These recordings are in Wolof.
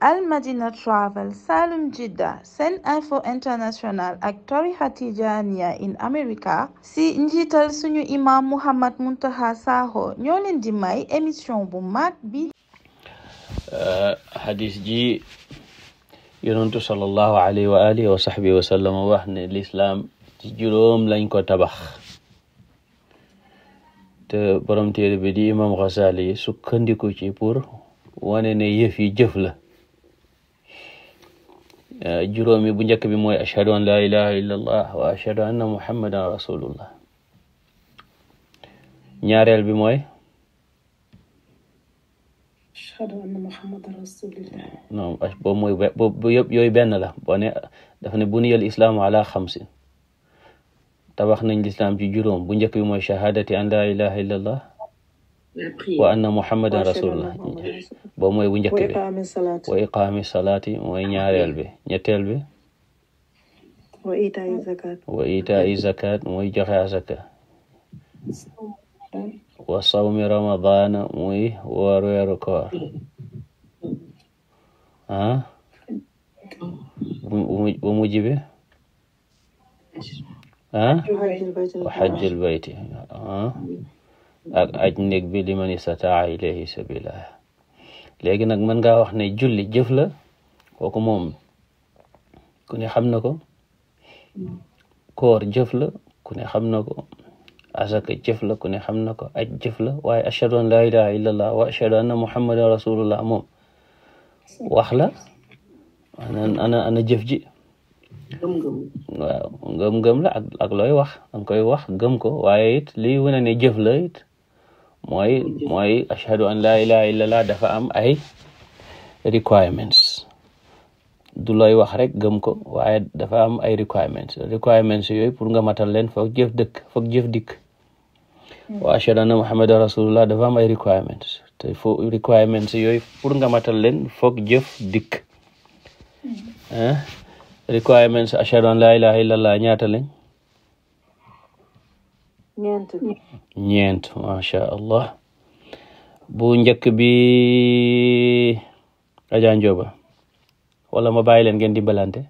Al Madina Travel Salum ak tarixa Tijaaniya in America si njiital suñu imam Mouhamed Muntaqa Sakho ñoo di may émission bu mag bi uh, hadis ji yonentu sallallahu alayhi wa alihi wa wax ne lislaam ci juróom lañ ko tabax te bi di sukkandiku ci pour wane ne yëf yi jëf la Eh, juróomi bu njëkk bi mooy ashhadu an laa ilaha illa allah wa ashhadu anna muhammadan rasulullah ñaareel bi mooy ashhadu anna muhammadan rasulullah non boobu mooy boobu yëpp yooyu benn la boo ne dafa ne buniyal islaamu ala xamsin tabax nañ lislaam ci juróom bu njëkk bi mooy shahadati an laa ilaha illa wa anna muhammadan rasulullah boobu mooy bu njëkk bi wa iqaami salaati mooy ñaareel bi ñetteel bi wa itaa'i zakat mooy joxe azaka wa sawmi ramadana muy woor weeru koor ah bu mujj bi ah wa xajjul bayti ah ak aj néeg bi li man istataa ilayhi sabila léegi nag mën ngaa wax ne julli jëf la kooku moom ku ne xam na ko koor jëf la ku ne xam na ko asaka jëf la ku ne xam na ko aj jëf la waaye ashhadu an laa ilaha illallah wa ashhadu wax la ana ana ana jëf ji waaw ngëm looy wax danga koy wax gëm ko waaye it lii wane ne jëf la it mo mooy ashhadu an laa ilaha illallah dafa am ay requirements du looy wax rek gëm ko waaye dafa am ay requirements requirements yooyu pour nga matal leen foog jëf dëkk foog jëf dikk wa ashhadu anna muhammadan rasulullah dafa am ay requirements te fo yooyu pour nga matal leen foog jëf dikk hmm. requirements ashhadu an la ilaha illallah ñaata leen ñeent macha allah bu njëkk bi Adja Ndioba wala ma bàyyi leen ngeen dimbalante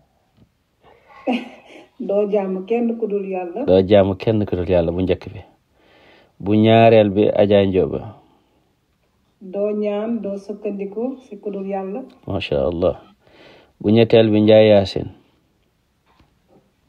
doo jaamu kenn ku dul yàlla doo jaamu kenn ku dul yàlla bu njëkk bi bu ñaareel bi Adja Ndioba doo ñaan doo sukkandiku si ku dul yàlla macha allah bu ñetteel bi Njaay Yaasin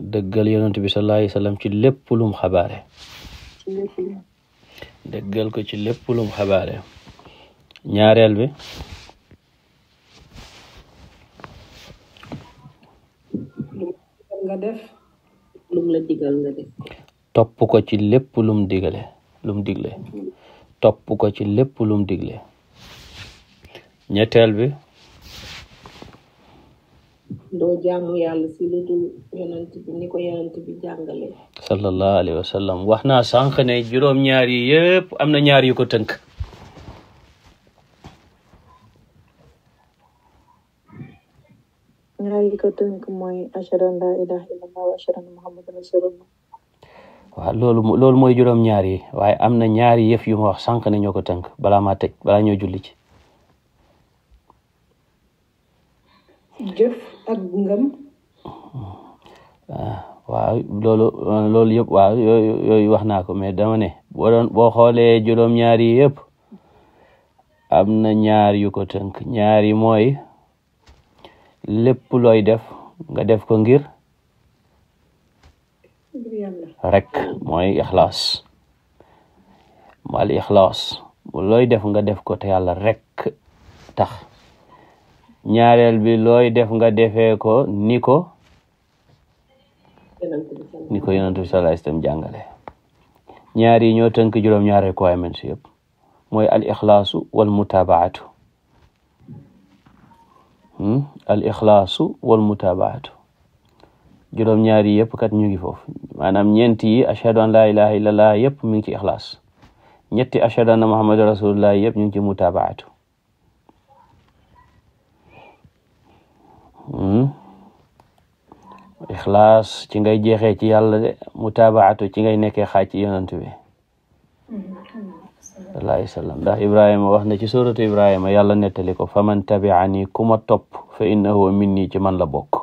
dëggal yonent bi sallallahu alayhi wa sallam ci lépp lum xabaare dëggal ko ci lépp lum xabaare ñaareel bi nga topp ko ci lépp lum digale lum digle topp ko ci lépp lum digle ñetteel bi doo jaamu yàlla si lu bi ni ko yonent bi jàngale sallallahu alayhi wa sallam wax naa sànq ne juróom-ñaar yëpp am na ñaar yu tënk ñaar yu mooy ashhadu an la ilaha illallah wa ashhadu anna muhammadan rasulullah mooy juróom-ñaar waaye am na ñaari yëf yu ma wax sànq ne ko tënk bala maa tëj balaa ñoo julli ci ak ah, loolu loolu yëpp waaw yooyu yooyu wax naa ko mais dama boo xoolee juróom-ñaar yi yëpp am na ñaar yu ko mooy lépp looy def nga def ko ngir rek mooy ixlaas mal looy def nga def ko te yàlla rek tax ñaareel bi looy def nga defe ko ni ko ni ko yonent bi sallallahu alayhi wasallam jàngale ñaar yi ñoo tënk juróom requirements yëpp mooy al ixlaasu wal mutabaatu hmm? al ixlaasu wal juróom-ñaar yëpp kat ñu ngi foofu maanaam ñeenti yi ashhadu an laa ilaha illallah yëpp mi ngi ci ixlaas ñetti ashhadu anna muhammadan rasulullah yëpp ñu ngi ci mutabaatu Hmm? ixlaas ci ngay jeexee ci yàlla de mutaabaatu ci ngay nekkee xaaj ci yonent bi sallallahu sallam ndax ibrahima wax na ci suratu ibrahima yàlla nettali ko faman tabi'ani ku ma topp fa innahu minni ci man la bokk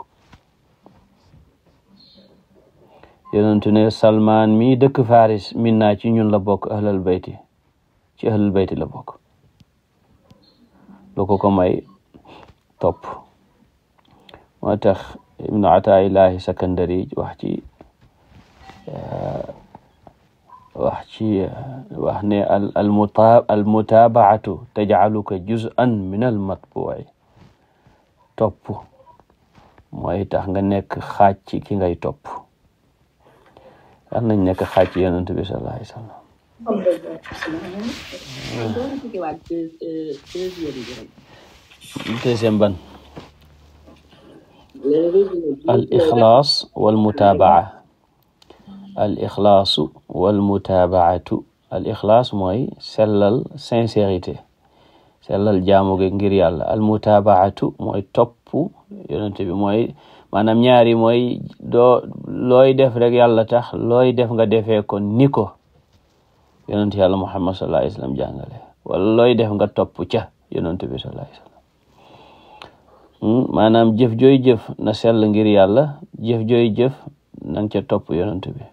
yonentu ne salmaan mi dëkk faris minna ci ñun la bokk ahlal bayti ci ahlal bayti la bokk lu ko ko may topp moo tax ibnu ataillahi sakandari wax ci eh, wax ci eh, wax ne al al mutabaatu tajcaluka juz'an min topp mooy tax nga nekk xaaj ci ki ngay topp yal nañ nekk xaaj ci yonent bi sallallahu alayhi wa al ixlaas wal mutaaba'a al mooy sellal sincérité sellal jaamu gi ngir yàlla al mutaaba'atu mooy topp yonent maanaam ñaari mooy looy def rek yàlla tax looy def nga defee ko ni ko yonent yàlla Muhammad sallallahu alayhi wa sallam def nga topp ca yonent bi sallallahu Hmm? maanaam jëf jooy jëf na sell ngir yàlla jëf jooy jëf na nga topp yonent bi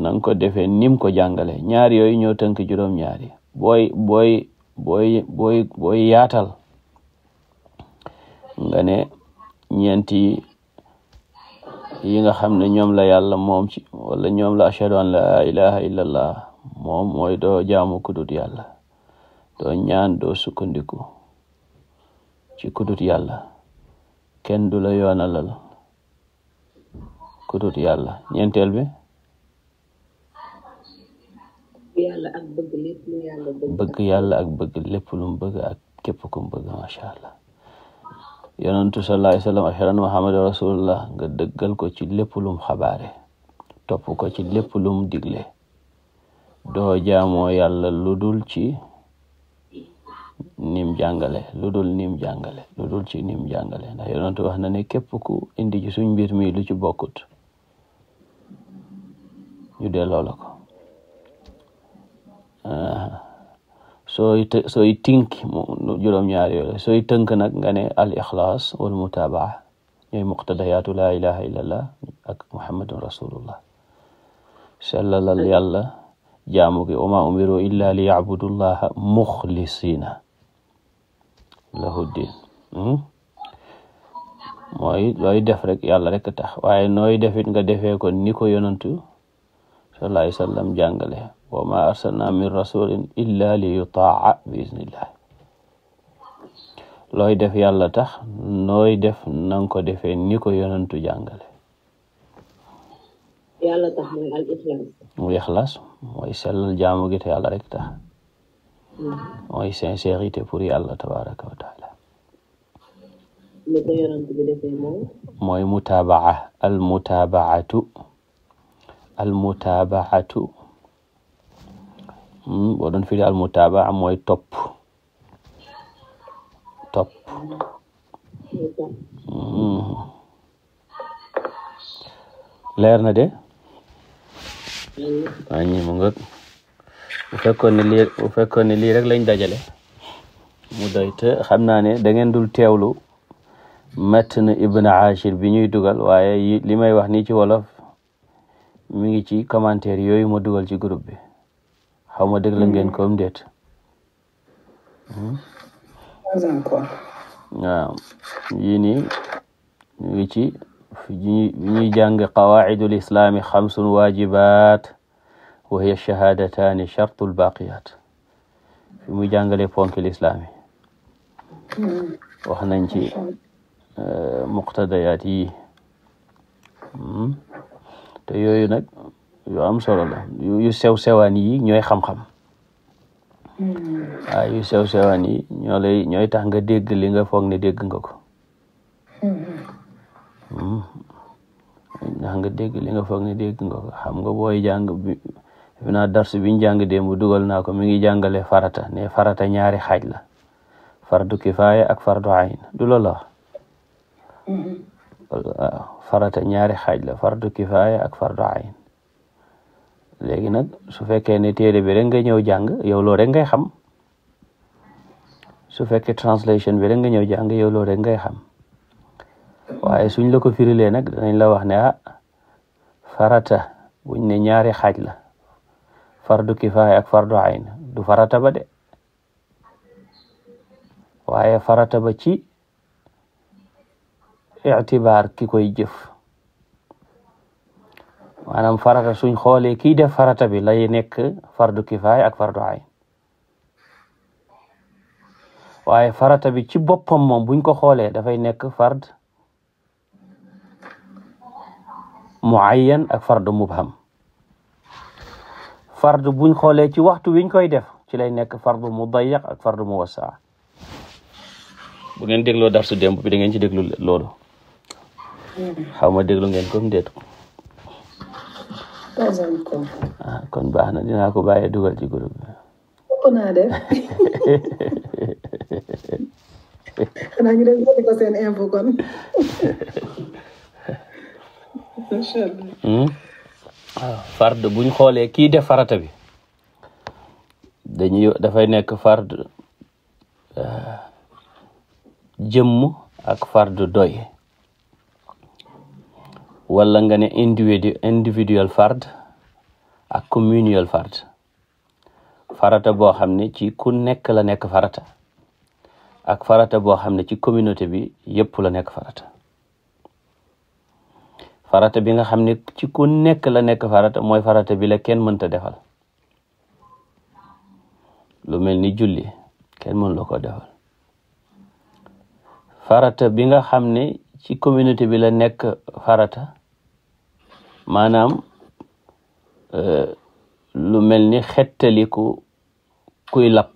na nga ko defee nim ko jàngale ñaar yooyu ñoo tënk juróom booy booy booy booy booy yaatal nga ñeenti yi nga xam ne ñoom la yàlla moom ci ñoom la ashhadu an la ilaha illallah moom mooy doo jaamu kudut yàlla doo ñaan doo sukkandiku ci kudut yàlla kenn du la yoonalal kudut yàlla ñenteel bi bëgg yàlla ak bëgg lépp bëgg ak képp ku mu bëgg macha allah yonentu muhammadu rasulullah nga dëggal ko ci lépp lum xabaare topp ko ci lépp lum digle doo jaamoo yàlla lu ci nim jàngale lu nim jàngale lu dul ci nim jàngale ndax yonent wax na ne képp ku indi ci suñ mbir mi lu ci bokkut ñu delloo la ko ah, sooy sooy tink juróom-ñaar yooyu sooy tënk nag nga ne al ixlaas wal mutabaa ñooy muqtadayaatu laa ilaha illallah ak muhammadun rasulullah sellalal yàlla jaamu ma umiru illa li yabudullaha muxlisina lahuddin hmm? mooy looy def rek yàlla rek tax waaye nooy defit nga defee ko ni ko yonantu sallallahu alayhi wasallam jàngale wa ma arsalna min rasulin illa li yutaa bi iznillah looy def yàlla tax nooy def nang ko defee ni ko yonantu jàngale yàlla tax mooy al ixlaas jaamu gi te yàlla rek tax mooy mm. sincérité pour yàlla tabaraka wa taala mooy mutaabaa al mutaabaatu al mutaabaatu mm, boo doon mooy topp topp mm. na de bu fekkoon ne lii fekkoon ne lii rek lañ dajale mu doy te xam naa ne da dul teewlu matn ibn Ashir bi ñuy dugal waaye li may wax nii ci wolof mu ngi ci commentaire yooyu ma dugal ci groupe bi xaw ma dégg la ngeen koom déet hmm? waaw yii nii mi ngi ci bi ñuy jàng qawaidul islaami xamsun waajibaat wa hiya shahaadataani shartul baaqiyaat fi muy jàngale ponki lislaam yi wax nañ ci eh, muqtadayaat yi hmm? te yooyu nag yu am solo la yu sew sewaan yi ñooy xam-xam hmm. waaw yu sew sewaan yi ñoo ñooy tax nga dégg li nga foog ne dégg nga ko ndax hmm. nga dégg li nga foog ne dégg nga ko xam nga booy jàng defe naa darsu bi ñu jàng démb dugal naa ko mi ngi jàngale farata ne farata ñaari xaaj la fardu kifaaya ak fardu ayn du loolu wax mm-hmm. farata ñaari xaaj la fardu kifaaya ak fardu ayn léegi nag su fekkee ne téere bi rek nga ñëw jàng yow loo rek ngay xam su fekkee translation bi rek nga ñëw jàng yow loo rek ngay xam waaye suñ la ko firilee nag danañ la wax ne ah farata buñ ne ñaari xaaj la fardu kifaaya ak fardu ayn du farata ba de waaye farata ba ci ictibaar ki koy jëf maanaam farata suñ xoolee kiy def farata bi lay nekk fardu kifaaya ak fardu ayn waaye farata bi ci boppam moom buñ ko xoolee dafay nekk fard muayyan ak fardu mubham fardu buñ xoolee ci waxtu wiñ koy def ci lay nekk fardu mu dayyaq ak fardu mu wasaa bu ngeen dégloo darsu démb bi da ngeen ci déglu loolu xaw ma déglu ngeen ko ndeet ah, kon baax na dinaa ko bàyyee dugal ci groupe bi naa def Ah, fard buñ xoolee kii def farata bi dañuy dafay nekk fard eh, jëmm ak fard doy walla nga ne individu fard ak communal fard farata boo xam ne ci ku nekk la nekk farata ak farata boo xam ne ci communauté bi yëpp la nekk farata farata bi nga xam ne ci ku nekk la nekk farata mooy farata bi la kenn mënta defal lu mel ni julli kenn mën la ko defal farata bi nga xam ne ci communauté bi la nekk farata maanaam euh, lu mel ni xettaliku kuy lapp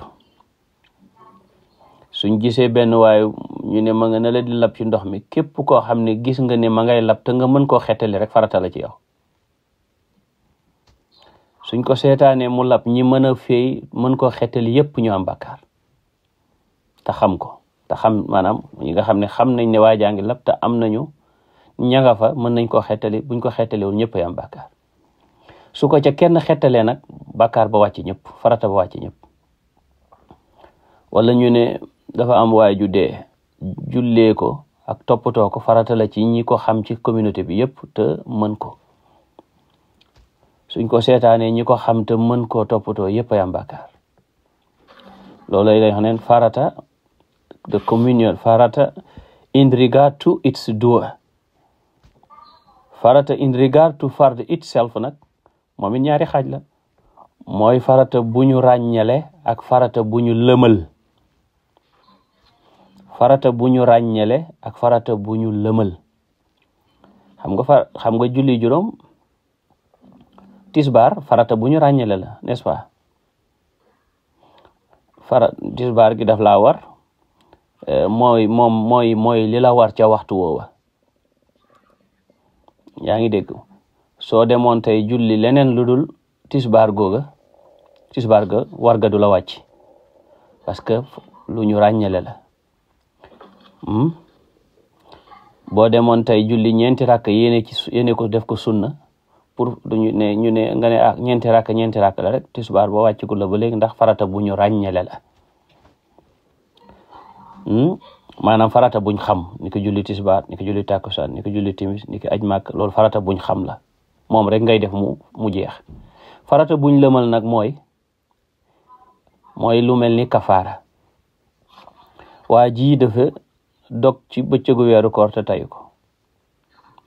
suñ gisee benn waaye ñu ne ma nga ne la di lab ci ndox mi képp koo xam ne gis nga ne ma ngay nga mën koo xettali rek faratal la ci yow suñ ko seetaanee mu lab ñi mën a fay mën koo xettali yépp ñu am bàkkaar te xam ko te xam maanaam ñi nga xam ne xam nañ ne waa jaa ngi lab te am nañu ña nga fa mën nañ koo xettali buñ ko xettaliwul ñëpp ay am bàkkaar su ko ca kenn xettalee nag bàkkaar ba wàcc ñëpp farata ba wala ñu ne dafa am waay ju dee jullee ko ak toppatoo ko farata la ci ñi ko xam ci communauté bi yépp te mën ko suñ ko seetaanee ñi ko xam te mën koo toppatoo yépp ay am bàkkaar loolay farata de communion farata in regard to its doer farata in regard to fard itself nag moom it ñaari xaaj la mooy farata bu ñu ràññale ak farata bu ñu lëmal farata bu ñu ràññele ak farata bu ñu lëmal xam nga xam nga julli juróom tisbaar farata bu ñu ràññele la n'est-ce tisbaar gi daf laa war euh, mooy moom mooy mooy li la war ca waxtu woowa yaa ngi dégg soo demoon tey julli leneen lu dul tisbaar googa tisbaar ga war ga du la wàcc parce que lu ñu ràññele la Hmm? boo demoon tey julli ñeenti rakk yéene ci yéene ko def ko sunna pour duñu ne ñu ne nga ne ah ñeenti rakk ñeenti rakk la rek tisbaar boo wàccagul la ba léegi ndax farata bu ñu ràññale la hmm? maanaam farata buñ xam ni ko julli tisbaar ni julli takkusaan ni ko julli timis ni ko aj màkk loolu farata buñ xam la moom rek ngay def mu mu jeex farata buñ lëmal nag mooy mooy lu mel ni kafaara waa ji dafa dog ci bëccëgu weeru koor te tayi ko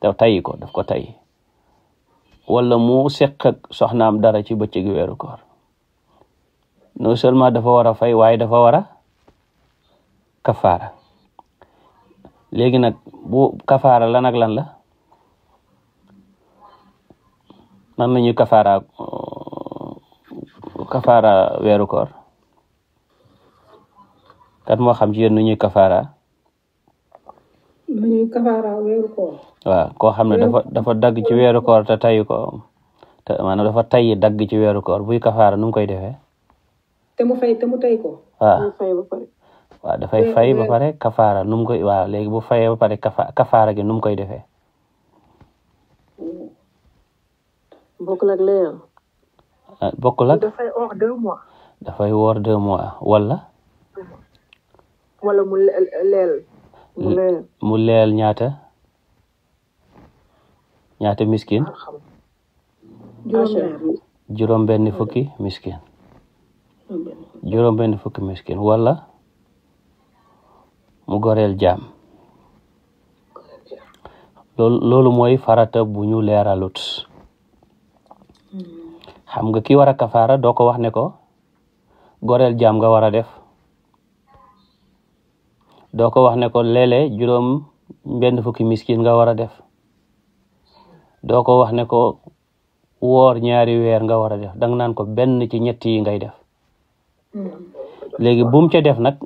te ko daf ko tayi wala mu seq ak soxnaam dara ci bëccëgu weeru koor non seulement dafa war a fay waaye dafa war a kafaara léegi nag bu kafaara lan ak lan la nan la ñuy kafaara euh, kafaara weeru koor kat moo xam ci yéen nu ñuy kafaara lu ñuy koo xam ne dafa dafa dagg ci weeru koor te ko te maanaam dafa tayi dagg ci weeru koor buy kafaara nu koy defee. te fay te dafay fay ba pare kafaara nu mu koy waaw léegi bu fayee ba pare kafa gi nu mu koy defee. bokkul ak ah, dafay woor deux mois. dafay woor mu leel ñaata ñaata miskin juróom benn fukki miskin juróom benn fukki miskin wala mu goreel jaam loolu loolu farata bu ñu leeralut xam nga ki war a kafaara doo ko wax ne ko goreel jaam nga war a def doo ko wax ne ko léeg juróom benn fukki miskin nga war a def doo ko wax ne ko woor ñaari weer nga war a def danga naan ko benn ci ñetti ngay def léegi bum ca def nag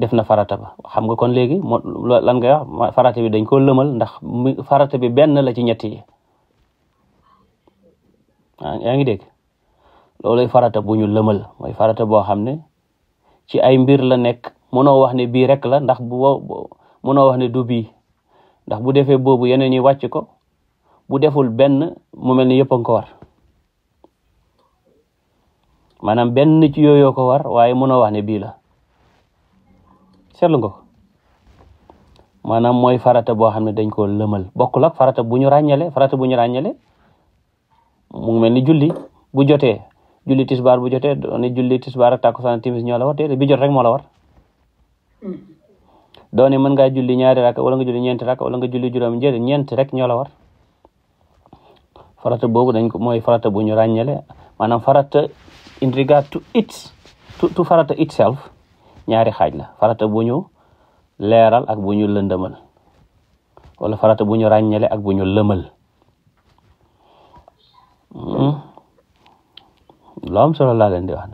def na farata ba xam nga kon léegi moo lan ngay wax farata bi dañ ko lëmal ndax farata bi benn la ci ñetti yi ah, yaa ngi dégg looluy farata bu ñu lëmal mooy farata boo xam ne ci ay mbir la nekk mënoo wax ne bii rek la ndax bu mënoo wax ne du ndax bu defee boobu yeneen yi wàcc ko bu deful benn mu mel ni yëpp a ko war maanaam benn ci yooyu ko war waaye mënoo wax ne bii la seetlu nga maanaam mooy farata boo xam ne dañ koo lëmal bokkul ak farata bu ñu ràññale farata bu ñu ràññale mu mel ni julli bu jotee julli tisbaar bu jotee dooni julli tisbaar ak takkusaan ñoo la war déedéet bi jot rek moo la war mm-hmm. dooni mën ngaa julli ñaari rakk wala nga julli ñeenti rakk wala nga julli juróom njëri ñeent rek ñoo la war farata boobu dañ ko mooy farata bu ñu ràññale maanaam farata in regard to it to, farata itself ñaari xaaj la farata bu ñu leeral ak bu ñu lëndëmal wala farata bu ñu ràññale ak bu ñu lëmal mm-hmm. lu am solo laa leen di wax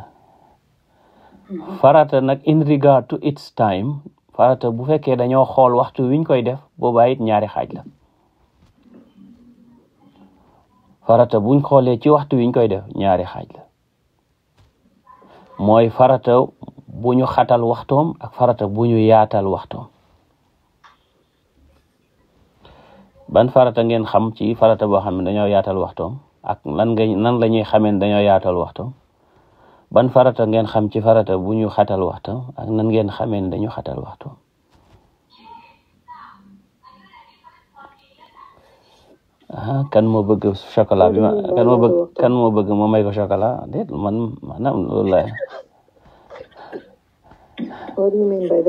farata nag in regard to its time farata bu fekkee dañoo xool waxtu wiñ koy def boobaa it ñaari xaaj la farata buñ xoolee ci waxtu wiñ koy def ñaari xaaj la mooy farata bu xatal waxtoom ak farata bu ñu yaatal waxtoom ban farata ngeen xam ci farata boo xam ne dañoo yaatal waxtoom ak lan nga nan la ñuy xamee dañoo yaatal waxtu ban farata ngeen xam ci farata bu ñu xatal waxtu ak nan ngeen xamee dañu xatal waxtu ah kan moo bëgg chocolat bi ma kan moo bëgg kan moo bëgg ma may ko chocolat déet man maanaam loolu What do mean by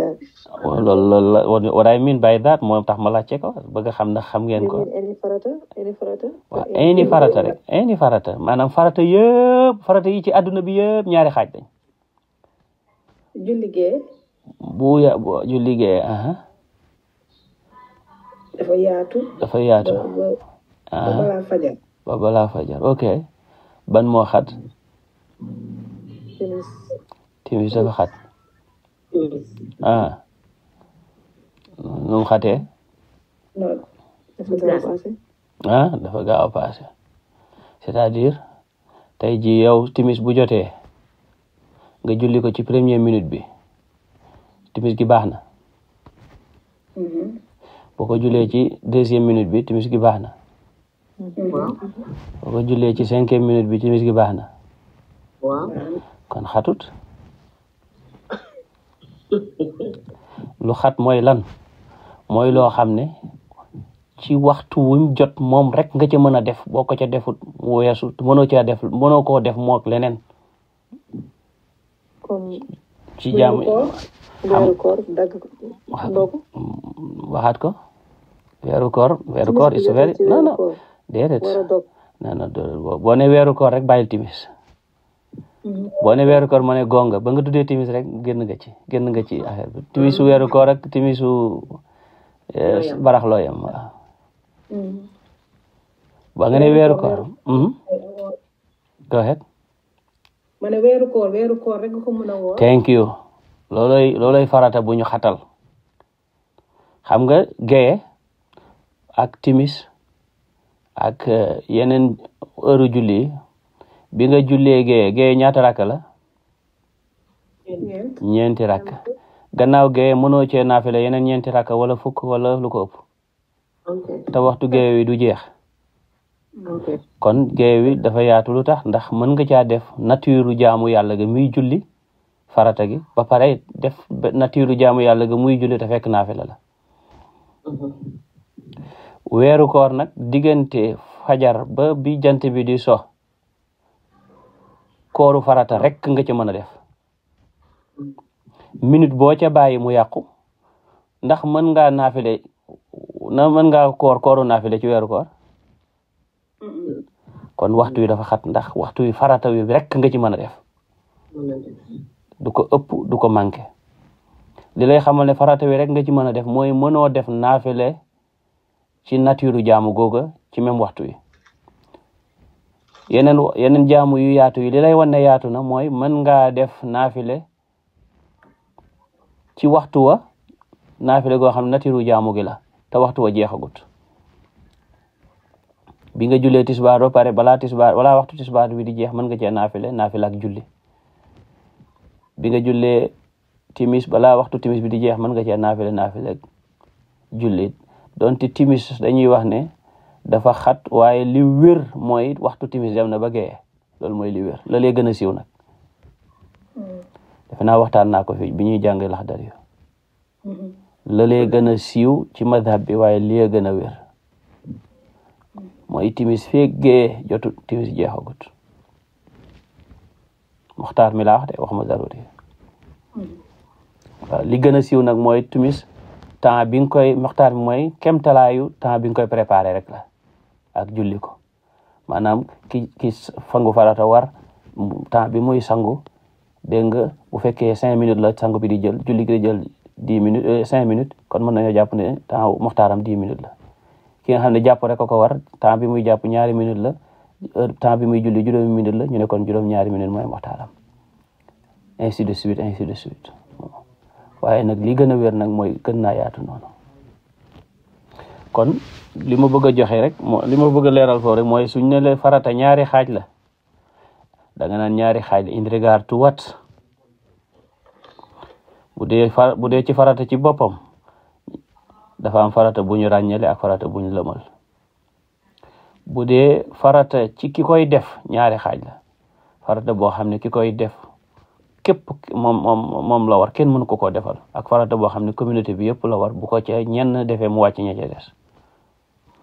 that? moo tax ma laajte ko bëgg a xam na xam ngeen ko. any farata any farata. waaw farata rek farata maanaam farata yëpp farata yi ci adduna bi yëpp ñaari xaaj lañ. julli gee. bu julli gee aha. dafa yaatu. dafa yaatu. ba fajar. ok ban moo xat. timis. dafa xat. ah nu mu xatee. ah dafa gaaw a passé c'est-à-dire tey ji yow timis bu jotee nga julli ko ci premier minute bi timis gi baax na. Mm-hmm. boo ko julee ci deuxième minute bi timis gi baax na. Mm-hmm. boo ko jullee ci cinquième minute bi timis gi baax na. kon xatut. lu xat mooy lan mooy loo xam ne ci waxtu wuñ jot moom rek nga ca mën a def boo ko ca defut weesu mënoo caa def mënoo koo def mook leneen ci jaam waxaat ko weeru koor weeru koor is very non non boo ne weeru koor rek bàyyil timis boone ne weeru koor ma ne gonga ba nga tuddee timis rek génn nga ci génn nga ci affaire bi timisu weeru koor ak timisu eh, barax loo yem waaw mm. ba nga ne weeru thank you looloy farata bu ñu xatal xam nga gaye ak timis ak eh, yeneen heure julli bi nga jullee gee gee ñaata rakk la ñeenti rakk gannaaw gee mënoo cee naafila yeneen ñeenti rakk wala fukk wala lu ko ëpp te waxtu gee wi du jeex kon gee wi dafa yaatu lu tax ndax mën nga caa def nature jaamu yàlla ga muy julli farata gi ba pare def nature jaamu yàlla ga muy julli te fekk naafila la mhm. weeru koor nag diggante fajar ba bi jant bi di so kooru farata rekk nga ci mën a def minute boo ca bàyyi mu yàqu ndax mën nga naafile na mën nga koor kooru naafile ci weeru koor kon waxtu wi dafa xat ndax waxtu wi farata wi rekk nga ci mën a def du ko ëpp du ko manqué li lay ne farata wi rek nga ci mën a def mooy mënoo def naafile ci nature jaamu googa ci même waxtu wi yeneen yeneen yu yaatu yi li lay wan ne yaatu na mooy man ngaa def naafile ci waxtu wa naafile goo xam natiru jaamu gi la te waxtu wa jeexagut bi nga jullee tisbaar ba pare balaa tisbaar balaa waxtu tisbaar bi di jeex mën nga cee naafile naafile ak julli bi nga jullee timis balaa waxtu timis bi di jeex mën nga cee naafile naafile ak julli donte timis dañuy wax ne dafa xat waaye li wér mooy waxtu timis dem na ba gee loolu mooy li wér la lay gën a siiw nag defe waxtaan naa ko fi bi ñuy jàng laxdar yu la gën a siiw ci madhab bi waaye li gën a wér mooy timis fee gee jotu timis jeexagut muxtaar mi wax ma daruri waaw li gën a siiw nag mooy timis temps bi nga koy muxtaar bi mooy kemtalaayu temps bi nga koy préparé rek la ak julli ko maanaam ki fangu sangu farata war temps bi muy sangu dégg nga bu fekkee cinq minutes la sangu bi di jël julli gi di jël dix minutes euh, cinq minutes kon mën nañoo jàpp ne temps muxtaaram dix minutes la ki nga xam ne jàpp rek ko war temps bi muy jàpp ñaari minutes la temps bi muy julli juróom minutes la ñu ne kon juróom ñaari minutes mooy muxtaaram ainsi de suite ainsi de suite waaye nag li gën a wér nag mooy gën naa yaatu noonu kon li ma bëgg a joxe rek moo li ma bëgg a leeral foofu rek mooy suñ ne la farata ñaari xaaj la da nga naan ñaari xaaj la in regard what bu dee fa bu dee ci farata ci boppam dafa am farata bu ñu ràññale ak farata bu lamal bu dee farata ci ki koy def ñaari xaaj la farata boo xam ne ki koy def képp moom moom moom la war kenn mënu ko koo defal ak farata boo xam ne communauté bi yëpp la war bu ko ci ñenn defee mu wàcc ña ca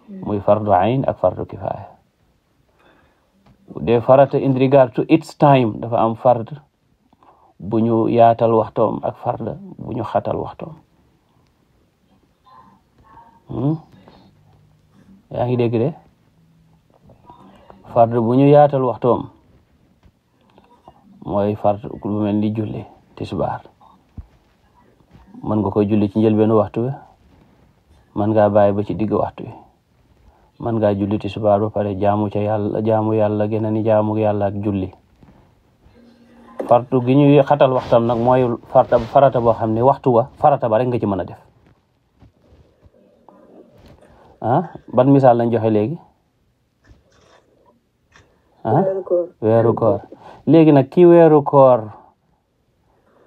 Hmm. muy fardu ayn ak fardu kifaaya de farata in regard to its time dafa am fard bu ñu yaatal waxtoom ak fard bu ñu xatal waxtoom hmm? yaa ngi dégg de ñu yaatal waxtoom mooy fard ku lu mel ni julli tisbaar mën nga koy julli ci njëlbeenu waxtu bi mën ngaa bàyyi ba ci digg waxtu bi man ngaa julli tisbaar ba pare jaamu ca yàlla jaamu yàlla gën a yàlla ak julli fartu gi ñuy xatal waxtam nag mooy farata farata boo xam ne waxtu wa farata ba rek nga ci mën a def ah ban misaal lañ joxe léegi ah weeru koor léegi nag ki weeru koor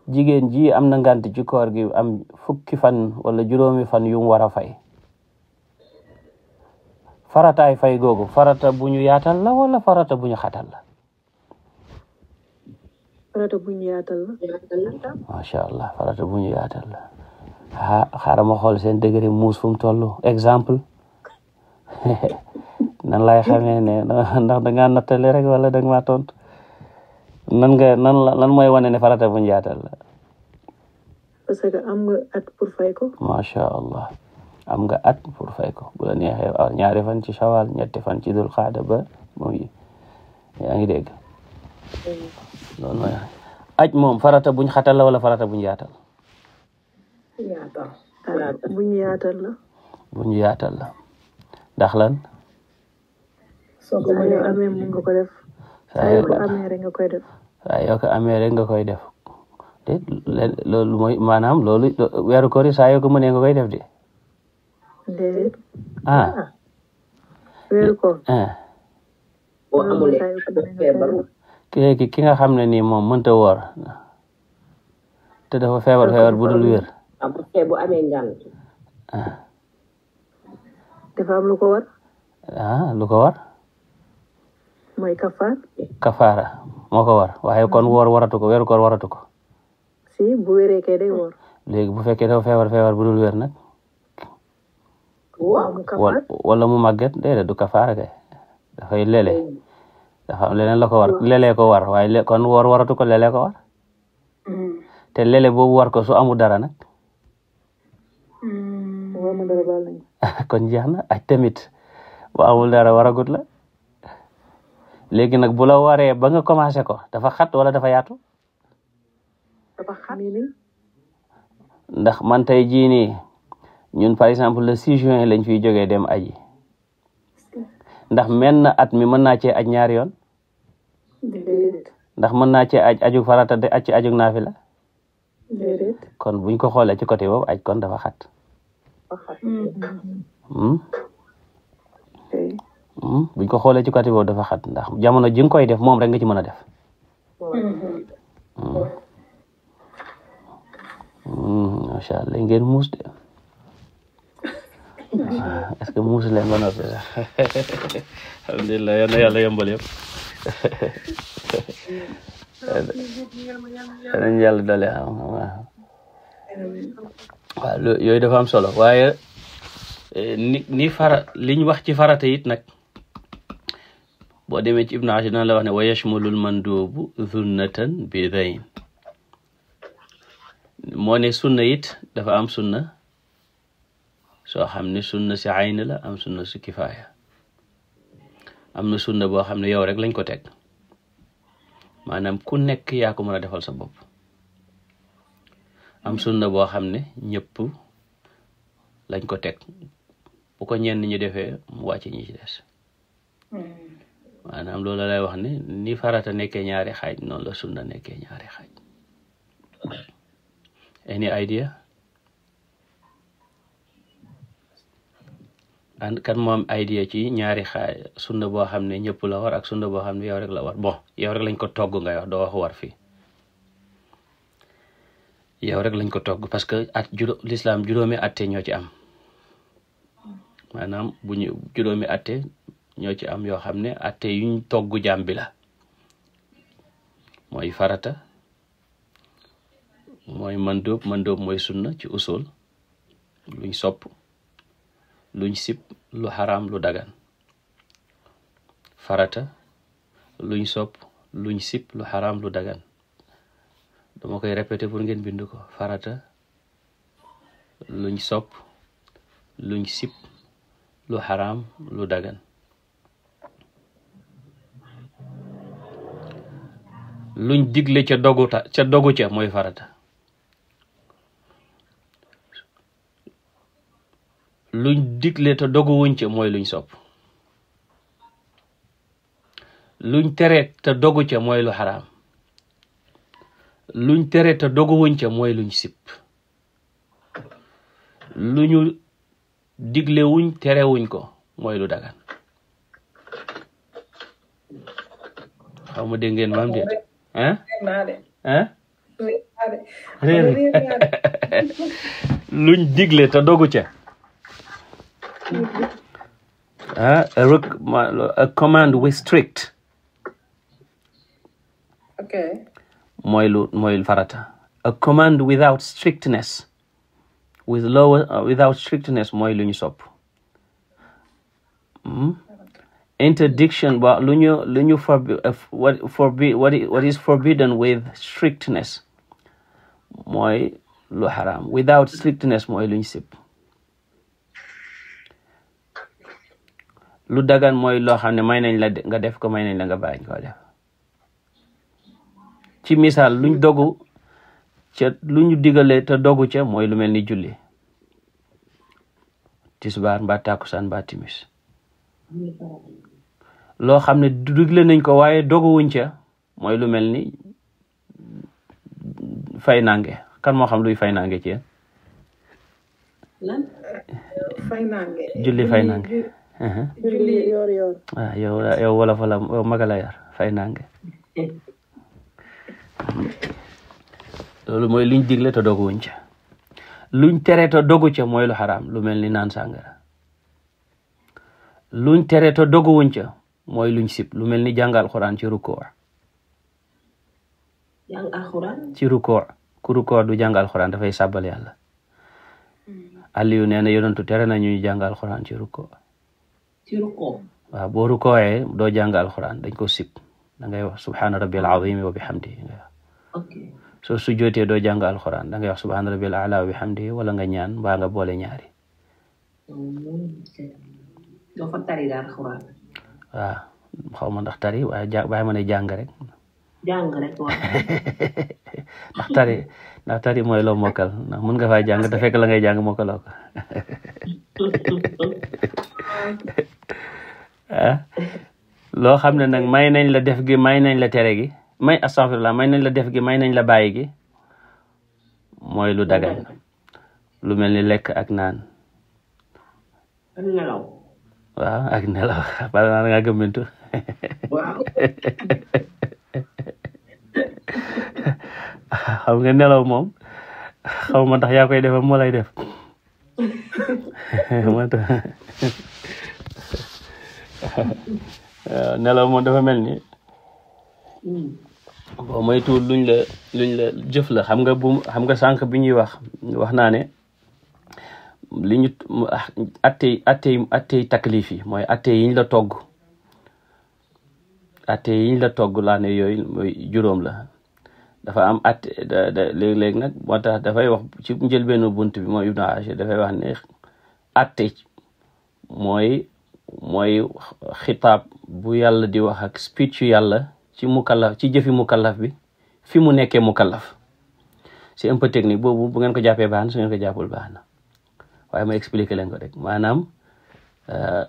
jigéen ji am na ngànt ci koor gi am fukki fan wala juróomi fan yum mu war a fay farataay fay googu farata bu ñu yaatal la wala farata bu ñu xatal la. farata bu allah farata bu ñu yaatal la ah xaaral ma xool seen degré muus fu mu toll exemple nan lay xamee ne ndax wala da nga nan nga nan mooy wane ne farata bu ñu yaatal la. parce allah. am nga at pour fay ko bu la neexee ñaari fan ci shawal ñetti fan ci dul xaada ba mooy yaa ngi dégg loolu mooy aj moom farata buñ xatal la wala farata buñ yaatal yaatal la buñ yaatal la ndax lan soo ko amee nga koy def saa yoo ko nga koy def te loolu mooy maanaam loolu weeru koor saa yoo ko mënee nga koy def de déedéet. ah. ah. weeru ah. ki nga xam ne ni moom mënta woor te dafa feebar feebar bu dul wér. bu ah. ko war. ah lu ko war. moo ko war waaye kon woor waratu ko weeru koor waratu ko. si bu wéree kay day woor. bu fekkee dafa feebar feebar bu dul wér wala mu màgget déedéet du kafaara kay dafay lele mm. dafa am leneen la ko war mm. lele ko war waaye kon woor waratu ko lele ko war mm. te lele boobu war ko su amul dara nag kon jeex na ak tamit bu amul dara waragut la léegi nag bula waree ba nga commencé ko dafa xat wala dafa yaatu ndax man tey jii ñun par exemple le 6 juin lañ fiy jógee dem aji ndax menn at mi mën naa cee aj ñaari yoon ndax mën naa cee aj aju farata de aj ci aju naafila kon buñ ko xoolee ci côté boobu aj kon dafa xat hmm? Hmm? buñ ko xoolee ci côté boobu dafa xat ndax jamono ji koy def moom rek nga ci mën a def hmm. macha allah ngeen muus de Ah, est-ce que leen ba noppi sax alhamdulilah yal yàlla yombal yëpp yàlla doole xam yooyu dafa am solo waaye eh, ni ni fara liñ wax ci farata it nag boo demee ci ibnu Ashir dana la wax ne wa yashmulul mandubu zunnatan bi dayn moo ne sunna it dafa am sunna soo xam ne sunna si ayn la am sunna si kifaaya am na sunna boo xam ne yow rek lañ ko teg maanaam ku nekk yaa ko mën a defal sa bopp am sunna boo xam ne ñëpp lañ ko teg bu ko ñenn ñu defee mu wàcce ñi des maanaam loolu lay wax ne nii farata nekkee ñaari xaaj noonu la sunna nekkee ñaari xaaj any idea kan moom idea ci ñaari xaaj sunna boo xam ne ñëpp la war ak sunna boo xam ne yow rek la war bon yow rek lañ ko togg nga wax doo wax war fii yow rek lañ ko togg parce que at juróom lislaam juróomi atte ñoo ci am maanaam bu ñu juróomi atte ñoo ci am yoo xam ne atte yuñ togg jaam bi la mooy farata mooy mandóob mooy sunna ci usul luñ sopp luñ sib lu xaraam lu dagan farata luñ sopp luñ sib lu xaraam lu dagan dama koy répété pour ngeen bind ko farata luñ sopp luñ sib lu xaraam lu dagan luñ digle ca dogu ta ca dogu ca mooy farata luñ digle te dogu wuñ ca mooy luñ sopp luñ tere te dogu ca mooy lu xaraam luñ tere te ca mooy luñ sip lu ñu digle wuñ tere wuñ ko mooy lu dagan xaw ma dégg ngeen maam déet luñ digle te dogu ca Uh, a, a command restrict. ok. mooy lu mooy farata. a command without strictness. with lower uh, without strictness mooy lu ñu sopp. Mm? interdiction ba lu ñu lu ñu forbi uh, what forbi what is, what is forbidden with strictness mooy lu haram without strictness mooy lu ñu sipp. lu dagan mooy loo xam ne may nañ la nga def ko may nañ la nga bàyyi koo def ci misaal luñ dogu ca lu ñu digalee te dogu ca mooy lu mel ni julli tisbaar mbaa tàkkusaan mbaa timis loo xam ne digle nañ ko waaye doguwuñ ca mooy lu mel ni fay nange kan moo xam luy fay nange ci yéen julli fay nange Uh-huh. julli yoor ah, yow yow wala fala yar fay nange loolu mooy luñ digle te doguwuñ ca luñ tere te dogu ca mooy lu xaraam lu mel ni naan sàngara luñ tere te doguwuñ ca mooy luñ sib lu mel ni jàngal alxuraan ci rukkoo ku rukkoo du jàng alxuraan dafay sàbbal yàlla hmm. Aliou nee na yonentu tere na ñuy jàng alxuraan ci rukkoo ci rukkoo doo jàng alxuraan dañ ko sib da ngay wax subhaana rabbil azimi wa bihamdihi ngay wax soo doo jàng alxuraan wax subhaana rabbil ala wa bihamdihi wala nga ñaan mbaa nga boole ñaari doo ma ndax tari waaye ja bàyyi jàng rek jàng tari mooy loo mokal ndax mun nga faa jàng te fekk la ngay jàng mokkaloo ko loo xam ne nag may nañ la def gi may nañ la tere gi may astaghfirullah may nañ la def gi may nañ la bàyyi gi mooy lu dagan lu mel ni lekk ak naan waaw ak nelaw pare naan nga gëmmintu xam nga nelaw moom xaw ma ndax yaa koy defam moo lay def Euh, nelaw moom dafa mel ni hmm. boo moytuwul luñ la luñ la jëf xam nga bu xam nga sànq bi ñuy wax wax naa ne li ñu attey attey mooy attey yiñ la togg attey yiñ la togg laa ne yooyu mooy juróom la dafa am atte da léeg nag moo tax dafay wax ci njëlbeenu bunt bi mooy Ibnu Ashir dafay wax ne atte mooy mooy xitaab bu yàlla di wax ak speech yàlla ci mukallaf ci jëfi mukallaf bi fi mu nekkee mukallaf c'est un technique boobu bu ngeen ko jàppee baax na su ngeen ko waaye ma expliquer leen ko rek maanaam euh,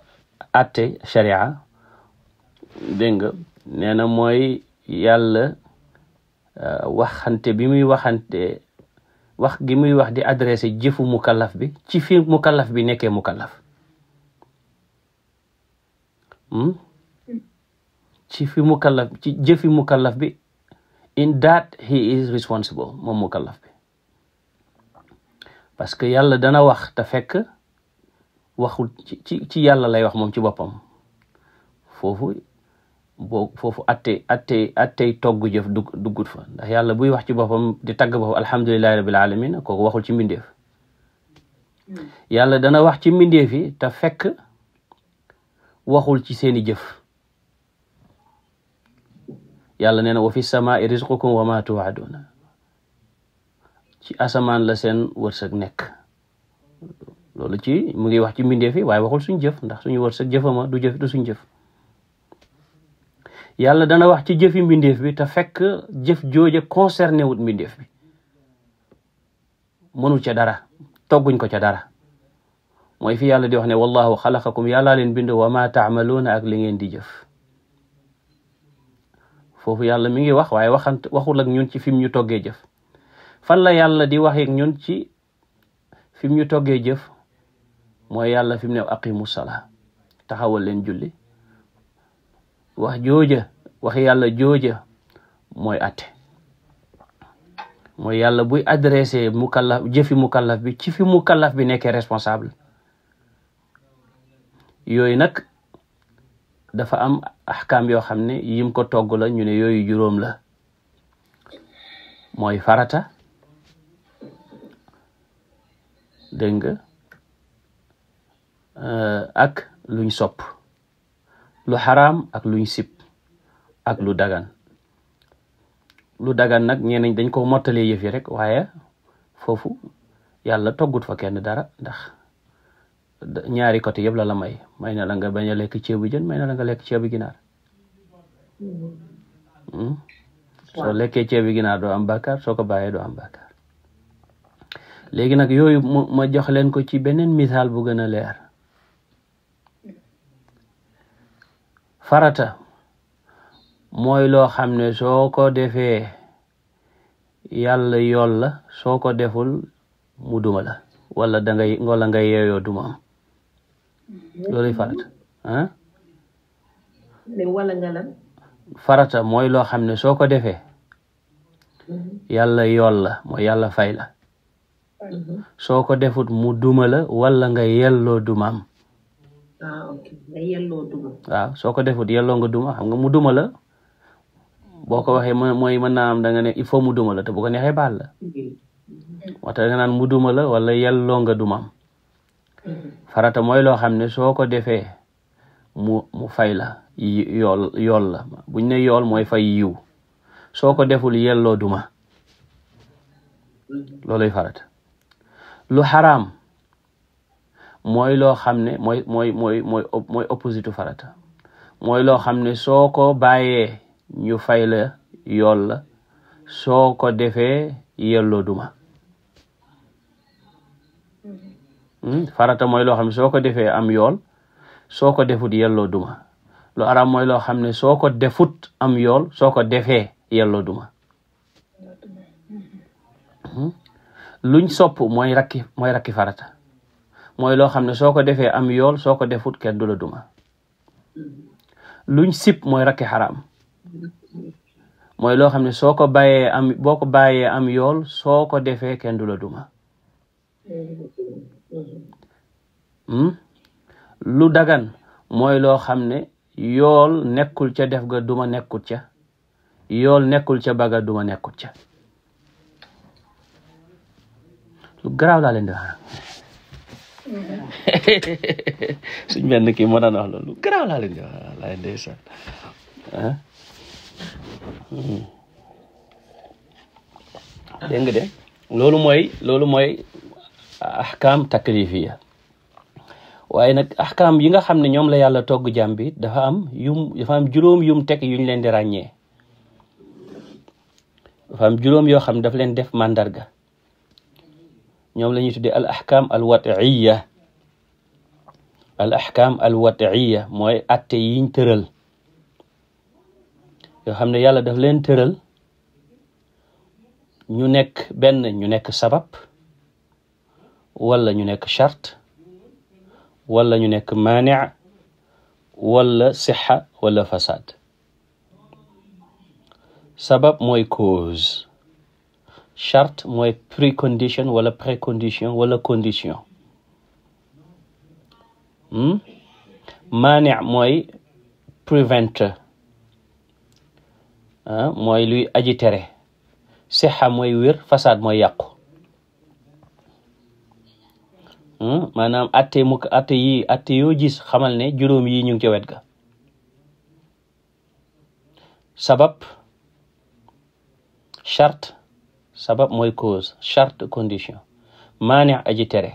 atte sharia dégg nga nee na mooy yàlla euh, waxante bi muy waxante wax gi muy wax di adressé jëfu mukallaf bi ci fi mukallaf bi nekkee mukallaf Hmm? ci fi mukallaf ci jëfi mukallaf bi in that he is responsible moom mukallaf bi parce que yàlla dana wax te fekk waxul ci ci yàlla lay wax moom ci boppam foofu boo foofu atte atte togg jëf dugg duggut fa ndax yàlla buy wax ci boppam di tagg boppam alhamdulilahi rabbil alamin kooku waxul ci mbindeef hmm. yàlla dana wax ci mbindeef yi fekk waxul ci seeni jëf yàlla nee na wa fi samaai risqukum wa ma tuwaaduna ci asamaan la seen wërsëg nekk loolu ci mu ngi wax ci mbindeef yi waaye waxul suñ jëf ndax suñu wërsëg jëfama du jëf du suñ jëf yàlla dana wax ci jëfi mbindeef bi te fekk jëf jooja concerné wut mbindeef bi mënul ca dara togguñ ko ca dara mooy fi yàlla di wax ne wallahu xalaqakum yàllaa leen bind wa ma ak li ngeen di jëf foofu yàlla mi ngi wax waaye waxant waxul ak ñun ci fi mu ñu toggee jëf fan la yàlla di wax ak ñun ci fi ñu toggee jëf mooy yàlla fi mu ne aqimu salaa taxawal leen julli wax jooja wax yàlla jooja mooy atte mooy yàlla buy adressé mukallaf jëfi mukallaf bi ci fi mukallaf bi nekkee responsable yooyu nag dafa am axkaam yoo xam ne yim ko togg la ñu ne yooyu juróom la mooy farata dégg nga euh, ak luñ sopp lu xaram ak luñ sip ak lu dagan lu dagan nag ñeneen dañ ko mottalee yëf yi rek waaye foofu yàlla toggut fa kenn dara ndax ñaari côté yëpp la la may may na la nga bañ a lekk ceebu jën may na la lekk ceebu ginaar hmm? soo lekkee ceebu ginaar doo am bàkkaar soo ko bàyyee doo am bàkkaar léegi nag yooyu ma jox leen ko ci beneen misaal bu gën a leer farata mooy loo xam ne soo ko defee yàlla yool la soo ko deful mu duma la wala da ngay nga yeeyoo duma am Mm-hmm. looluy farata farata mooy loo xam ne soo ko defee mm-hmm. yàlla yool la mooy yàlla fay la mm-hmm. soo ko defut mu duma la walla nga yelloo dumaam ah, waaw soo ko defut yelloo nga duma mu duma la boo ko waxee mooy mën naa am da nga ne il faut mu duma la te bu ko neexee baal la waxta da nga naan mu duma la wala yelloo nga farata mooy loo xam ne soo ko defee mu mu fay la yool yool la buñ ne yool mooy fay yiw soo ko deful yelloo duma looluy farata lu xaraam mooy loo xam ne mooy mooy mooy mooy mooy opposite farata mooy loo xam ne soo ko bàyyee ñu fayla la yool la soo ko defee yelloo duma Hmm? farata mooy loo xam ne soo ko defee am yool soo ko defut yelloo duma lu mooy loo xam ne soo ko defut am yool soo ko defee yelloo duma hmm? luñ sopp mooy rakki mooy rakki farata mooy loo xam ne soo ko defee am yool soo ko defut ken dula duma luñ sip mooy rakki xaraam mooy loo xam ne soo ko bàyyee am bàyyee am yool soo ko defe kenn du la duma Hmm? lu dagan mooy loo xam ne yool nekkul ca def ga duma nekkut ca yool nekkul ca baga duma nekkut ca lu garaaw laa leen di wax suñ benn kii moo daan wax loolu lu garaaw laa leen di wax laa hmm. loolu mooy loolu mooy Ah, ahkaam taklifiya waaye nag ahkaam yi nga xam ne ñoom la yàlla togg jàmm bi dafa am yum juróom yum teg yuñ leen di ràññee dafa am juróom yoo xam ne dafa leen def màndarga ñoom la ñuy tuddee al ahkaam al watiya al ahkaam al watiya mooy atte yiñ tëral yoo xam ne yàlla def leen tëral ñu nekk benn ñu nekk sabab wala ñu nekk charte wala ñu nekk maanic wala sixa wala fasaad sabab mooy cause charte mooy précondition wala précondition wala condition hmm? maanic mooy preventer ah, mooy luy ajitere tere sixa mooy wér fasaad mooy yàqu Hmm? maanaam atte mu atte yi atte yoo gis xamal ne juróom yi ñu ngi ca wet ga sabab charte sabab mooy cause charte condition maani aji tere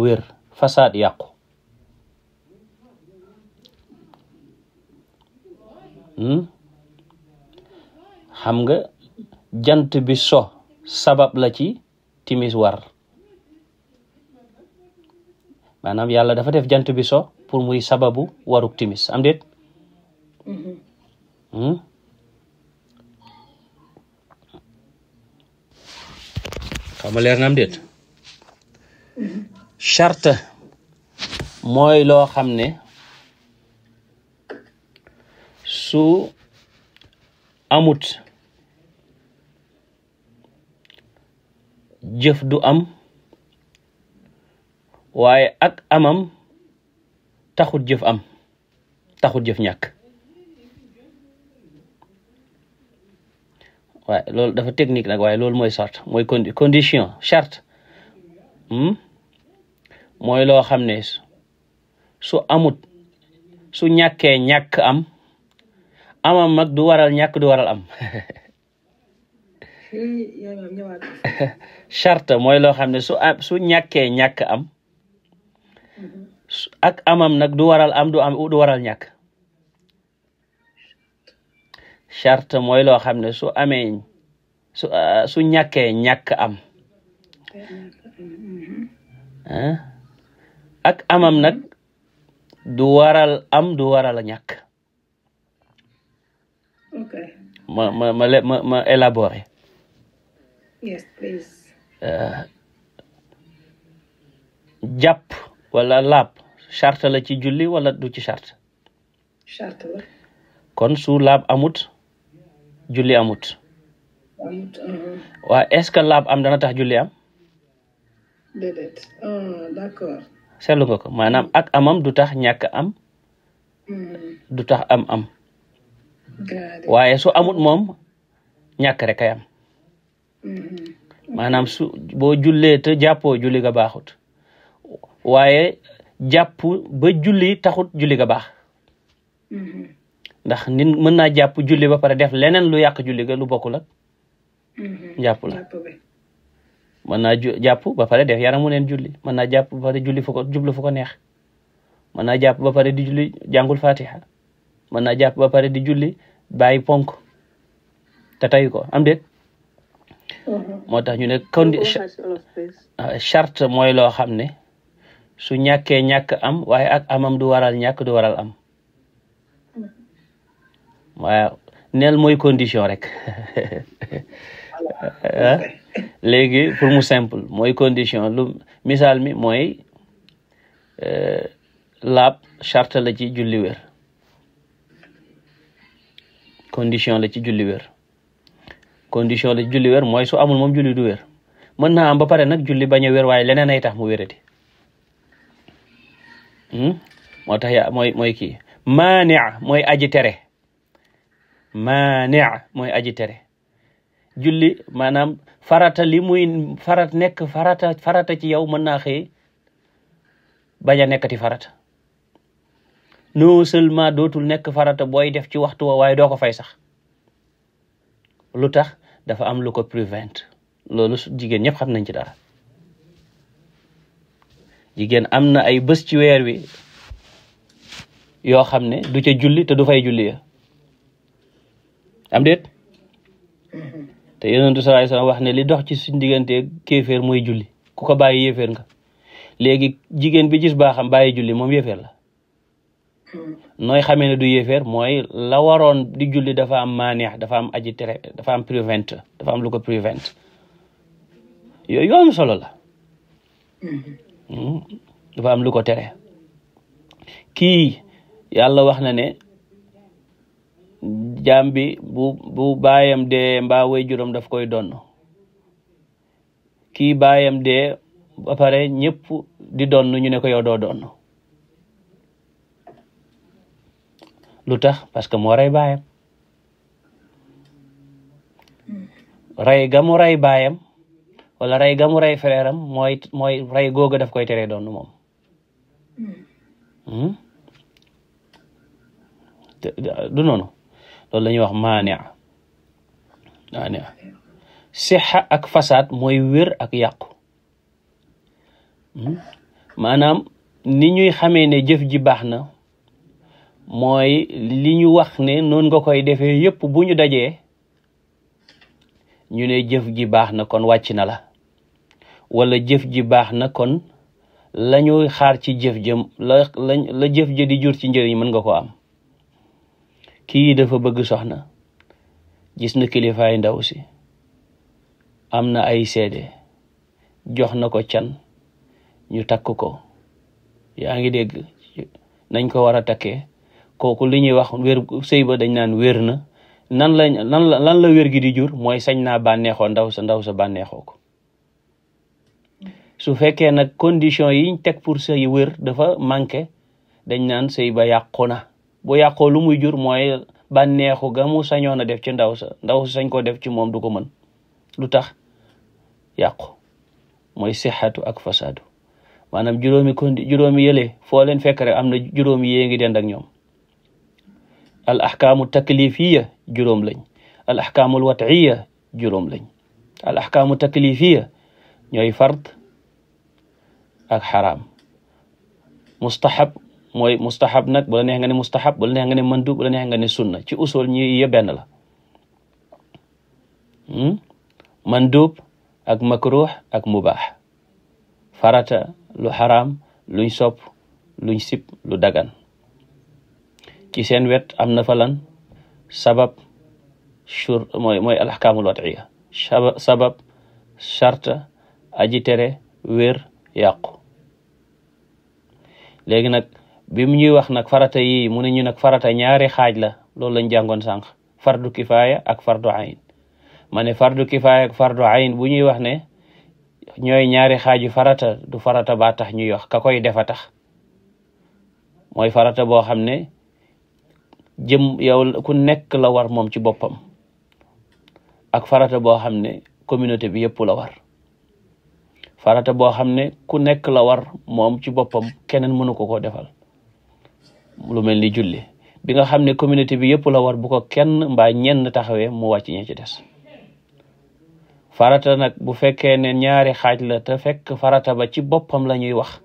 wér fasaad yàqu hmm? xam nga jant bi so sabab la ci timis war maanaam yàlla dafa def jant bi so pour muy sababu waruk timis am déet mm-hmm. hmm? xam nga leer am déet mm-hmm. charte mooy loo xam ne su amut jëf am waaye ak amam taxut jëf am taxut jëf ñàkk waaye loolu dafa technique nag waaye loolu mooy sart mooy condition charte hmm? mooy loo xam ne su amut su ñàkkee ñàkk am amam mag du waral ñàkk du waral am charte mooy loo xam ne su su ñàkkee ñàkk am ak amam nag du waral am du waral ñàkk charte mooy loo xam ne su amee su ah, su ñàkkee ñàkk am ah. ak amam nag du waral am du waral ñàkk okay. ma ma ma ma ma wala laab charte la ci julli wala du ci charte. kon su laab amut julli amut. amut uh-huh. waa laab am dana tax julli am. déedéet ah, d'accord. ko maanaam ak amam du tax ñàkk am. Mm. du tax am am. waaye su amut moom ñàkk rek ay am. Mm-hmm. maanaam su boo jullee te jàppoo julli ga baaxut. waaye jàpp ba julli taxut julli ga baax mm-hmm. ndax nit mën naa jàpp julli ba pare def leneen lu yàq julli ga lu bokkul ak mm-hmm. jàpp la mën naa jàpp ba pare def yaramu neen julli mën naa jàpp ba pare julli ko neex mën naa jàpp ba pare di julli jàngul fatiha mën naa jàpp ba pare di julli bàyyi ponk te tayu ko am déet mm-hmm. moo tax ñu ne condi ah, charte mooy loo xam ne su ñàkkee ñàkk am waaye ak amam du waral ñàkk du waral am waaw neel mooy condition rek ah, léegi pour mu simple mooy condition lu misaal mi mooy euh, laab charte la ci julli wér condition la ci julli wér la ci julli mooy su amul moom julli du wér mën naa am ba pare nag julli bañ a wér waaye leneen ay tax mu wéradi Hmm? moo tax ya mooy mooy kii maani mooy aji tere maani mooy aji tere julli maanaam farata li muy farat nekk farata ci yow mën naa xëy bañ a nekkati farata non seulement dootul nekk farata booy def ci waxtu wa waaye doo ko fay sax lu tax dafa am lu ko prevent loolu jigéen ñëpp xam nañ ci dara jigéen am na ay bës ci weer wi yoo xam ne du ca julli te du fay julli ya am déet te yeneen sallallahu alayhi wasallam wax ne li dox ci suñ diggante kéeféer mooy julli ku ko bàyyi yéeféer nga léegi jigéen bi gis baaxam bàyyi julli moom yéeféer la nooy xamee ne du yéeféer mooy la waroon di julli dafa am maaneex dafa am aji tere dafa am prevent dafa am lu ko prevent yooyu yoo am solo la mm-hmm. Hmm? dafa am lu ko tere kii yàlla wax na ne jaam bu bu baayam dee juróom daf koy donn kii baayam dee ba pare ñëpp di donn ñu ne ko yow doo donn lu tax parce que moo rey baayam hmm. rey ga mu rey baayam wala rey gamu rey freeram mooy mooy rey googa daf koy teree doon moom hmm? du noonu loolu la ñuy wax maania maania sixa ak fasaad mooy wér ak yàqu hmm? maanaam ni ñuy xamee ne jëf ji baax na mooy li ñu wax ne noonu nga koy defee yépp bu ñu dajee ñu ne jëf ji baax na kon wàcc na la wala jëf ji baax na kon la xaar ci jëf jëm la la jëf ja di jur ci njëriñ mën nga ko am kii dafa bëgg soxna gis na kilifaay ndaw si am na ay seede jox na ko can ñu takk ko yaa ngi dégg nañ ko war a takkee kooku li ñuy wax wér sëy ba dañ naan wér na nan lañ lan la lan la wér gi di jur mooy sañ naa bànneexoo ndaw sa ndaw sa bànneexoo ko su fekkee nag condition yi teg pour sëy wér dafa manqué dañ naan sëy ba yàqu na boo yàqoo lu muy jur mooy bànneexu ga mu sañoon a def ci ndaw ndaw sañ ko def ci moom du ko mën lu tax yàqu mooy sixatu ak fasadu maanaam juróomi kondi juróomi yële foo leen fekk rek am na juróomi yée ngi dend ak ñoom al ahkaamu taklifiya juróom lañ al ahkaamul juróom lañ ahkaamu taklifiya ñooy fard ak xaraam mustahab mooy mustaxab nag bu la neex nga ne mustahab bu la neex nga ne mandu la neex nga ne sunna ci usul ñi yëpp benn la hmm? mandub ak makruh ak mubaax farata lu xaraam luñ sopp luñ sib lu dagan ci seen wet am na falan sabab shur mooy mooy alaxkaamul watiya sabab sharta aji tere wér léegi nag bi mu ñuy wax nag farata yi mu ne ñu nag farata ñaari xaaj la loolu lañ jàngoon sànq fardu kifaaya ak fardu ayn ma ne fardu kifaaya ak fardu ayn bu ñuy wax ne ñooy ñaari xaaju farata du farata ba tax ñuy wax ka koy defa tax mooy farata boo xam ne jëm yow ku nekk la war moom ci boppam ak farata boo xam ne communauté bi yëpp la war farata boo xam ne ku nekk la war moom ci boppam keneen mënu ko koo defal lu mel ni julli bi nga xam ne communauté bi yëpp la war bu ko kenn mbaa ñenn taxawee mu wàcc ñi ci des farata nag bu fekkee ne ñaari xaaj la te fekk farata ba ci boppam lañuy wax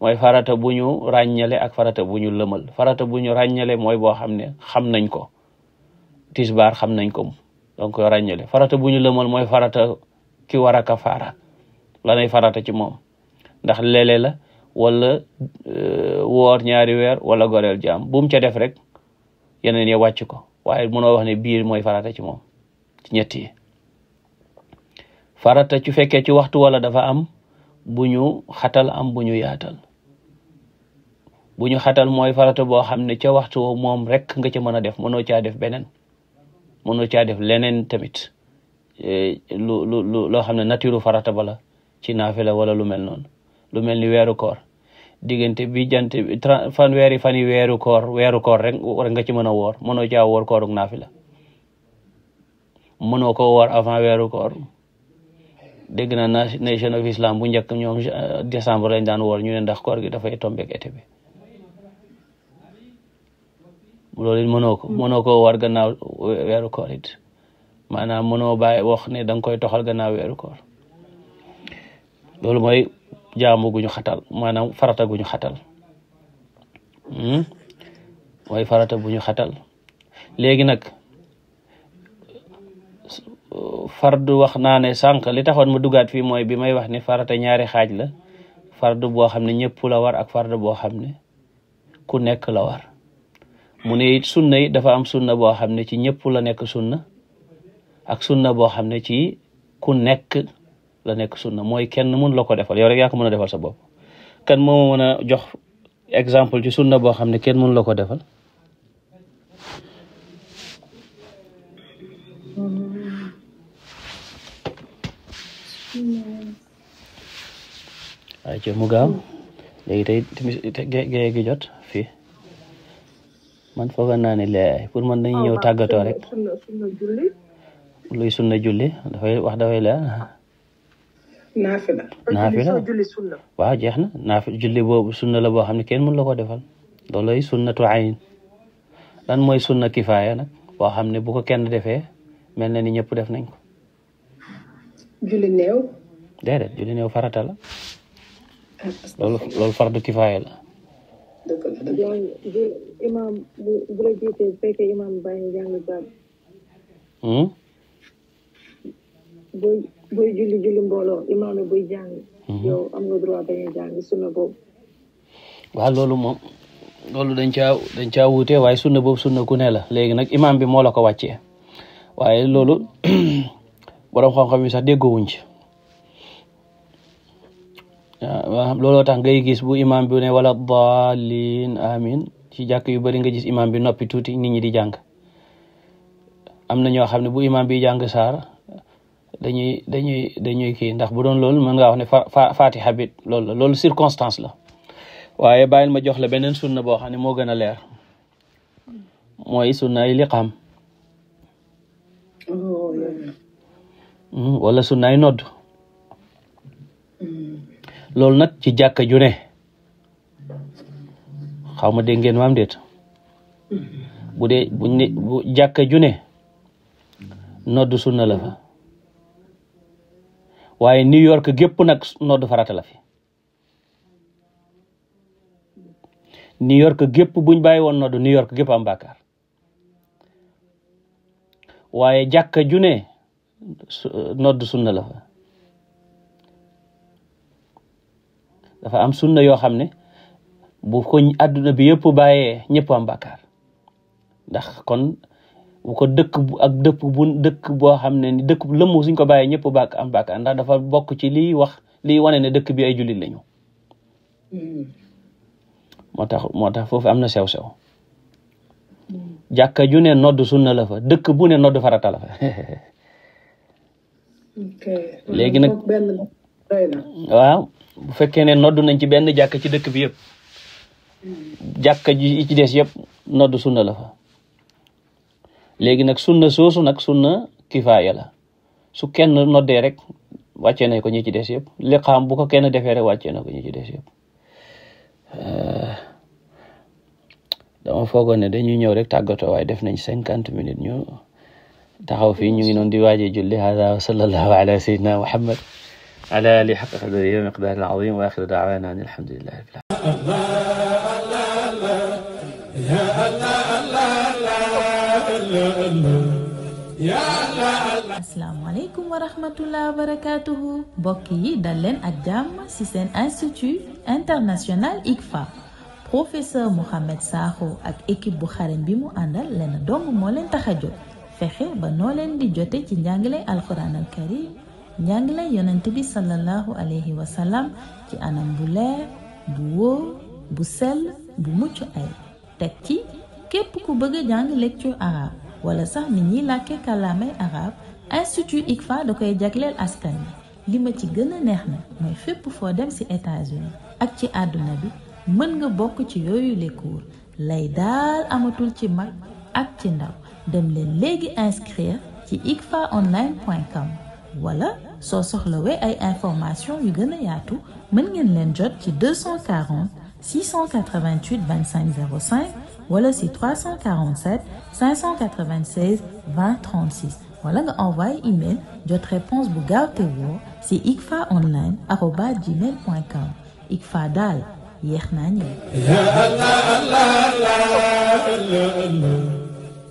mooy farata bu ñu ràññale ak farata bu ñu lëmal farata bu ñu ràññale mooy boo xam ne xam nañ ko tisbaar xam nañ ko donc ràññale farata bu ñu mooy farata ki war a kafaara lanay farata ci moom ndax lele la wala euh, woor ñaari weer wala goreel jaam bu mu ca def rek yeneen ya wàcc ko waaye mënoo wax ne biir mooy farata ci moom ci ñett yi farata ci fekkee ci waxtu wala dafa am bu ñu xatal am bu ñu yaatal bu ñu xatal mooy farata boo xam ne ca waxtu woo moom rek nga ca mën a def mënoo caa def beneen mënoo caa def leneen tamit eh, lu lu loo xam ne nature farata ba ci naafila wala lu mel noonu lu mel ni weeru koor diggante bi jant bi fanweeri fan yi weeru koor weeru koor rek nga ci mën a woor mënoo caa woor kooruk naafila mënoo ko woor avant weeru koor dégg na nation of islam bu njëkk ñoom décembre lañ daan woor ñu ne ndax koor gi dafay tombeek été bi loolu it mënoo ko mënoo koo war gannaaw weeru koor it maanaam mënoo bàyyi ne da nga koy toxal gannaaw weeru koor loolu mooy jaamu gu ñu xatal maanaam farata guñu ñu xatal hmm? mooy farata bu xatal léegi nag fardu wax naa ne sànq li taxoon ma dugaat fii mooy bi may wax ni farata ñaari xaaj la fardu boo xam ne ñëpp la war ak fardu boo xam ne ku nekk la war mu ne it sunna yi dafa am sunna boo xam ne ci ñëpp la nekk sunna ak sunna boo xam ne ci ku nekk la nekk sunna mooy kenn mun la ko defal yow rek yaa a defal sa kan moo mën jox exemple ci sunna boo xam ne kenn mun la ko defal ay ci mu gaaw léegi tey timis gi jot fii man foog naa ne lee pour man dañuy ñëw tàggatoo rek luy sunna julli dafay wax dafay lee naafila naafila waaw jeex na naafi julli boobu sunna la boo xam ne kenn mun la ko defal loolay sunnatu ayn lan mooy sunna kifaaya nag boo xam ne bu ko kenn defee mel na ni ñëpp def nañ ko julli julli néew farata la ah, fardu kifaaya buy julli julli mbooloo imaam buy mhm. jàng. sunna boobu. waaw loolu moom loolu dañ caa dañ caa wuute waaye sunna boobu sunna ku ne la léegi nag imaam bi moo la ko wàccee waaye loolu borom xam-xam yi sax déggoowuñ ci waaw looloo tax ngay gis bu imaam bi ne wala daalin amin ci jàkk yu bari nga gis imaam bi noppi tuuti nit ñi di jàng am na ñoo xam ne bu imaam bi jàng saar. dañuy dañuy dañuy kii ndax bu doon loolu mën nga wax ne fa fatiha bi loolu la loolu circonstance la waaye bàyyil ma jox la beneen sunna boo xam ne moo gën a leer mooy sunna ay liqaam hmm, wala sunna ay nodd loolu nag ci jàkka june ne xaw ma dégg ngeen maam déet bu dee buñ ne bu nodd sunna la waaye New York gépp nag nodd farata la fi New York gépp buñ bàyyi woon nodd New York gépp am bàkkaar waaye jàkka ju ne nodd sunna la fa dafa am sunna yoo xam ne bu ko adduna bi yëpp bàyyee ñëpp am bàkkaar bu ko dëkk ak dëkk bu dëkk boo xam ne ni dëkk lëmmu suñ ko bàyyee ñëpp bàkk am bàkk ndax dafa bokk ci liy wax liy wane ne dëkk bi ay jullit lañu hmm. moo tax moo tax foofu am na sew-sew jàkka ju ne nodd sunna la fa dëkk bu ne nodd farata la fa léegi nag waaw bu fekkee ne nodd nañ ci benn jàkka ci dëkk bi yëpp hmm. jàkka ji ci des yëpp nodd sunna la fa léegi nag sunna soosu nag sunna kifaaya la su kenn noddee rek wàccee nañ ko ñi ci des yëpp liqaam bu ko kenn defee rek wàccee na ko ñi ci des yëpp eh, dama foogoon ne dañuy ñëw rek tàggatoo waaye def nañ cinquante minutes ñu taxaw fii ñu ngi noonu di waaje julli hada wa sallallahu ala sayyidina muhammad ala alihi haqqa qadrihi wa miqdaarihi al-azim wa asalaamaaleykum wa rahmatullah wa barakaatuhu mbokk yi dal leen ak jàmm ci seen institut international ICFA professeur Mouhamed Sakho ak ékip bu xarañ bi mu àndal leen dong moo leen tax a jóg fexe ba noo leen di jote ci njàngale alquran al karim njàngale yonent bi sallallahu alayhi wa sallam ci anam bu leer bu wóor bu sell bu mucc ay teg ci képp ku bëgga a jàng lecture arabe wala sax nit ñiy làkkee kàllaamay arab institut ICFA da koy jagleel askan bi li ma ci gën a neex na mooy fépp foo dem si États-Unis ak ci àdduna bi mën nga bokk ci yooyu les lay daal amatul ci mag ak ci ndaw dem leen léegi inscrire ci icfaonline.com wala soo soxlawee ay information yu gën a yaatu mën ngeen leen jot ci 240 688 25 05 wala si 347 596 20 36 wala réponse bu gaaw te woo si ikfa online arroba gmail com ikfa daal yéex naa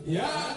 ñëw.